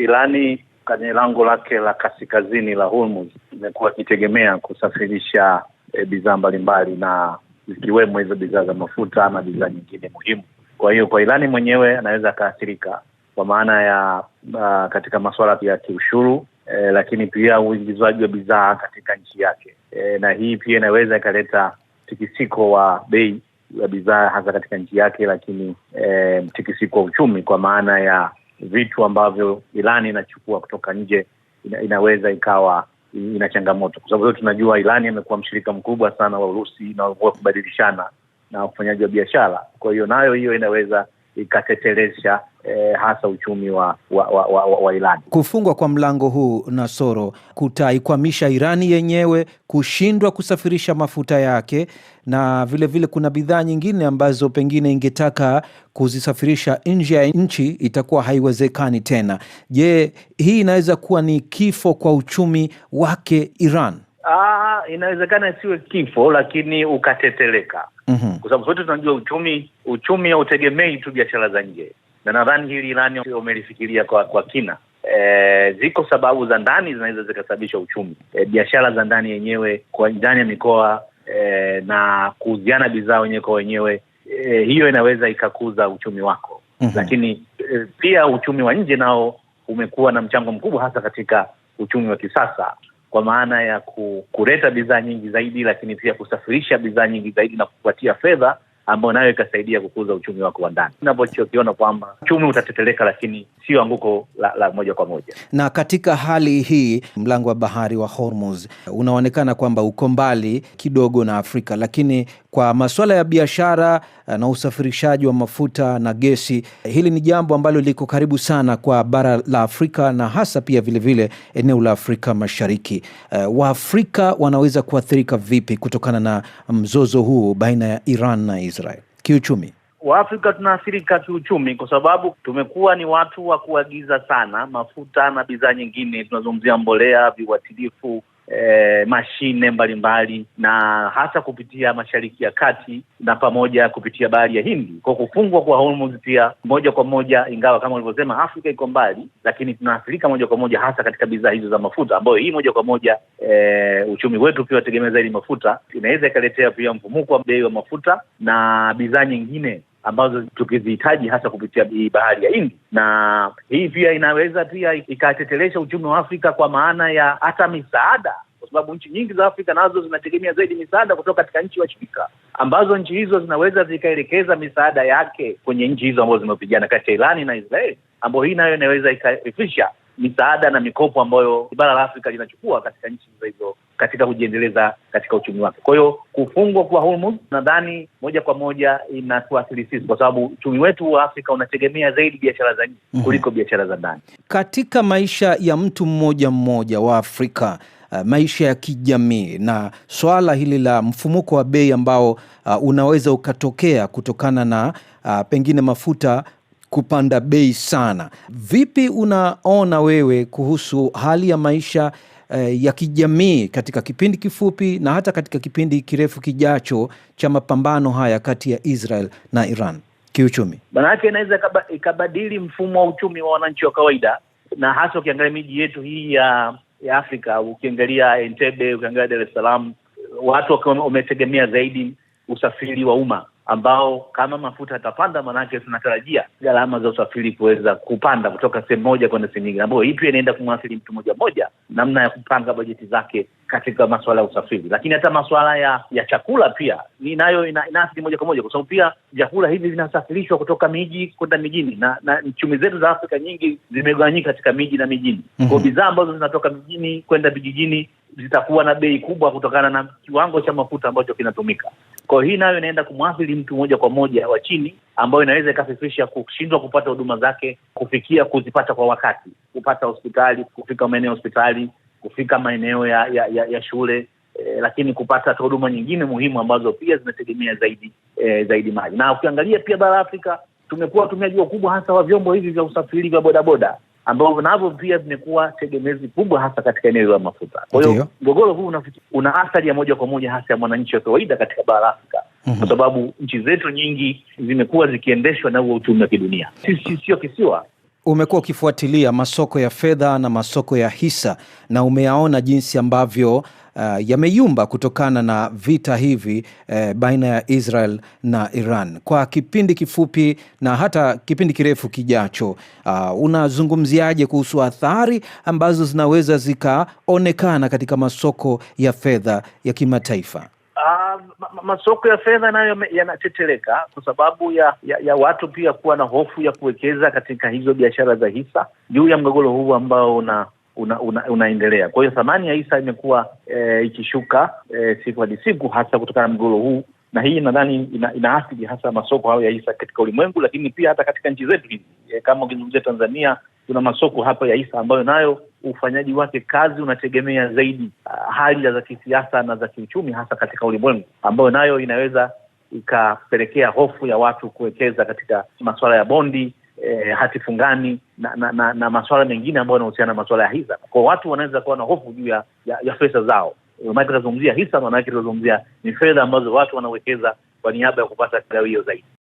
Irani kwenye lango lake la kaskazini la Hormuz imekuwa ikitegemea kusafirisha e, bidhaa mbalimbali na zikiwemo hizo bidhaa za mafuta ama bidhaa nyingine muhimu. Kwa hiyo kwa Irani mwenyewe anaweza akaathirika kwa maana ya a, ah, katika masuala ya kiushuru e, lakini pia uingizwaji wa bidhaa katika nchi yake e, na hii pia inaweza ikaleta mtikisiko wa bei ya bidhaa hasa katika nchi yake, lakini e, mtikisiko wa uchumi kwa maana ya vitu ambavyo Irani inachukua kutoka nje ina, inaweza ikawa ina changamoto, kwa sababu tunajua Irani amekuwa mshirika mkubwa sana wa Urusi na wa kubadilishana na ufanyaji wa biashara. Kwa hiyo nayo hiyo inaweza ikatetelesha eh, hasa uchumi wa, wa, wa, wa, wa Irani. Kufungwa kwa mlango huu Nasoro kutaikwamisha Irani yenyewe kushindwa kusafirisha mafuta yake, na vilevile vile kuna bidhaa nyingine ambazo pengine ingetaka kuzisafirisha nje ya nchi itakuwa haiwezekani tena. Je, hii inaweza kuwa ni kifo kwa uchumi wake Iran? Aa, ah, inawezekana isiwe kifo lakini ukateteleka. mm -hmm. Kwa sababu sote tunajua uchumi uchumi hautegemei tu biashara za nje na nadhani hili Irani wamelifikiria kwa, kwa kina. E, ziko sababu za ndani zinaweza zikasababisha uchumi. E, biashara za ndani yenyewe kwa ndani ya mikoa e, na kuuziana bidhaa wenyewe kwa wenyewe e, hiyo inaweza ikakuza uchumi wako mm -hmm. Lakini e, pia uchumi wa nje nao umekuwa na mchango mkubwa hasa katika uchumi wa kisasa kwa maana ya kuleta bidhaa nyingi zaidi, lakini pia kusafirisha bidhaa nyingi zaidi na kupatia fedha ambayo nayo ikasaidia kukuza uchumi wako wa ndani, Unavyokiona kwamba uchumi utateteleka, lakini sio anguko la, la moja kwa moja. Na katika hali hii mlango wa bahari wa Hormuz eh, unaonekana kwamba uko mbali kidogo na Afrika, lakini kwa masuala ya biashara Eh, na usafirishaji wa mafuta na gesi. Hili ni jambo ambalo liko karibu sana kwa bara la Afrika na hasa pia vilevile vile eneo la Afrika Mashariki. Uh, Waafrika wanaweza kuathirika vipi kutokana na mzozo huu baina ya Iran na Israel kiuchumi? Waafrika tunaathirika kiuchumi kwa sababu tumekuwa ni watu wa kuagiza sana mafuta na bidhaa nyingine. Tunazungumzia mbolea, viuatilifu E, mashine mbalimbali na hasa kupitia Mashariki ya Kati na pamoja kupitia Bahari ya Hindi. Kwa kufungwa kwa Hormuz pia moja kwa moja, ingawa kama ulivyosema Afrika iko mbali, lakini tunaathirika moja kwa moja hasa katika bidhaa hizo za mafuta, ambayo hii moja kwa moja e, uchumi wetu pia wategemea zaidi mafuta, inaweza ikaletea pia mfumuko wa bei wa mafuta na bidhaa nyingine ambazo tukizihitaji hasa kupitia bahari ya Hindi, na hii pia inaweza pia ikatetelesha uchumi wa Afrika kwa maana ya hata misaada, kwa sababu nchi nyingi za Afrika nazo zinategemea zaidi misaada kutoka katika nchi washirika ambazo nchi hizo zinaweza zikaelekeza misaada yake kwenye nchi hizo ambazo zimepigana kati ya Irani na Israeli, ambayo hii nayo inaweza ikarefisha misaada na mikopo ambayo bara la Afrika linachukua katika nchi hizo katika kujiendeleza katika uchumi wake. Kwa hiyo kufungwa kwa Hormuz nadhani moja kwa moja inatuathiri sisi, kwa sababu uchumi wetu wa Afrika unategemea zaidi biashara za nje mm -hmm. kuliko biashara za ndani. Katika maisha ya mtu mmoja mmoja wa Afrika Uh, maisha ya kijamii na swala hili la mfumuko wa bei ambao uh, unaweza ukatokea kutokana na uh, pengine mafuta kupanda bei sana. Vipi unaona wewe kuhusu hali ya maisha eh, ya kijamii katika kipindi kifupi na hata katika kipindi kirefu kijacho cha mapambano haya kati ya Israel na Iran kiuchumi? manaake inaweza ikabadili mfumo wa uchumi wa wananchi wa kawaida, na hasa ukiangalia miji yetu hii ya ya Afrika, ukiangalia Entebbe, ukiangalia Dar es Salaam, watu wametegemea zaidi usafiri wa umma ambao kama mafuta yatapanda, maanake tunatarajia gharama za usafiri kuweza kupanda kutoka sehemu moja kwenda sehemu nyingine, ambayo hii pia inaenda kumwathiri mtu moja moja, namna ya kupanga bajeti zake katika masuala ya usafiri. Lakini hata masuala ya ya chakula pia ni nayo ina, inaathiri moja kwa moja, kwa sababu pia vyakula hivi vinasafirishwa kutoka miji kwenda mijini, na na chumi zetu za Afrika nyingi zimegawanyika katika miji na mijini. mm -hmm. Kwa bidhaa ambazo zinatoka mijini kwenda vijijini zitakuwa na bei kubwa kutokana na kiwango cha mafuta ambacho kinatumika. Kwa hiyo hii nayo inaenda kumwathiri mtu moja kwa moja wa chini, ambayo inaweza ikafifisha kushindwa kupata huduma zake, kufikia kuzipata kwa wakati, kupata hospitali, kufika maeneo ya hospitali, kufika maeneo ya, ya, ya, ya shule E, lakini kupata hata huduma nyingine muhimu ambazo pia zinategemea zaidi e, zaidi maji. Na ukiangalia pia bara Afrika tumekuwa watumiaji wakubwa hasa wa vyombo hivi vya usafiri vya bodaboda ambavyo navyo pia vimekuwa tegemezi kubwa hasa katika eneo la mafuta. Kwa hiyo mgogoro huu una athari ya moja kwa moja hasa ya mwananchi wa kawaida katika bara la Afrika mhm. kwa mm -hmm. sababu nchi zetu nyingi zimekuwa zikiendeshwa na huo uchumi wa kidunia. Sisi sio kisiwa. Umekuwa ukifuatilia masoko ya fedha na masoko ya hisa na umeyaona jinsi ambavyo uh, yameyumba kutokana na vita hivi eh, baina ya Israel na Iran kwa kipindi kifupi na hata kipindi kirefu kijacho. Uh, unazungumziaje kuhusu athari ambazo zinaweza zikaonekana katika masoko ya fedha ya kimataifa? Uh, masoko ya fedha nayo yanatetereka kwa sababu ya, ya, ya watu pia kuwa na hofu ya kuwekeza katika hizo biashara za hisa juu ya mgogoro huu ambao una, una, unaendelea. Kwa hiyo thamani ya hisa imekuwa e, ikishuka e, siku hadi siku, hasa kutokana na mgogoro huu, na hii nadhani ina, inaathiri hasa masoko hayo ya hisa katika ulimwengu, lakini pia hata katika nchi zetu hizi e, kama ukizungumzia Tanzania kuna masoko hapa ya hisa ambayo nayo ufanyaji wake kazi unategemea zaidi ah, hali za kisiasa na za kiuchumi, hasa katika ulimwengu, ambayo nayo inaweza ikapelekea hofu ya watu kuwekeza katika masuala ya bondi eh, hati fungani na na, na, na maswala mengine ambayo yanahusiana na masuala ya hisa. Kwa watu wanaweza kuwa na hofu juu ya, ya, ya fedha zao. Maanake tunazungumzia hisa, maanake tunazungumzia ni fedha ambazo watu wanawekeza kwa niaba ya kupata gawio zaidi.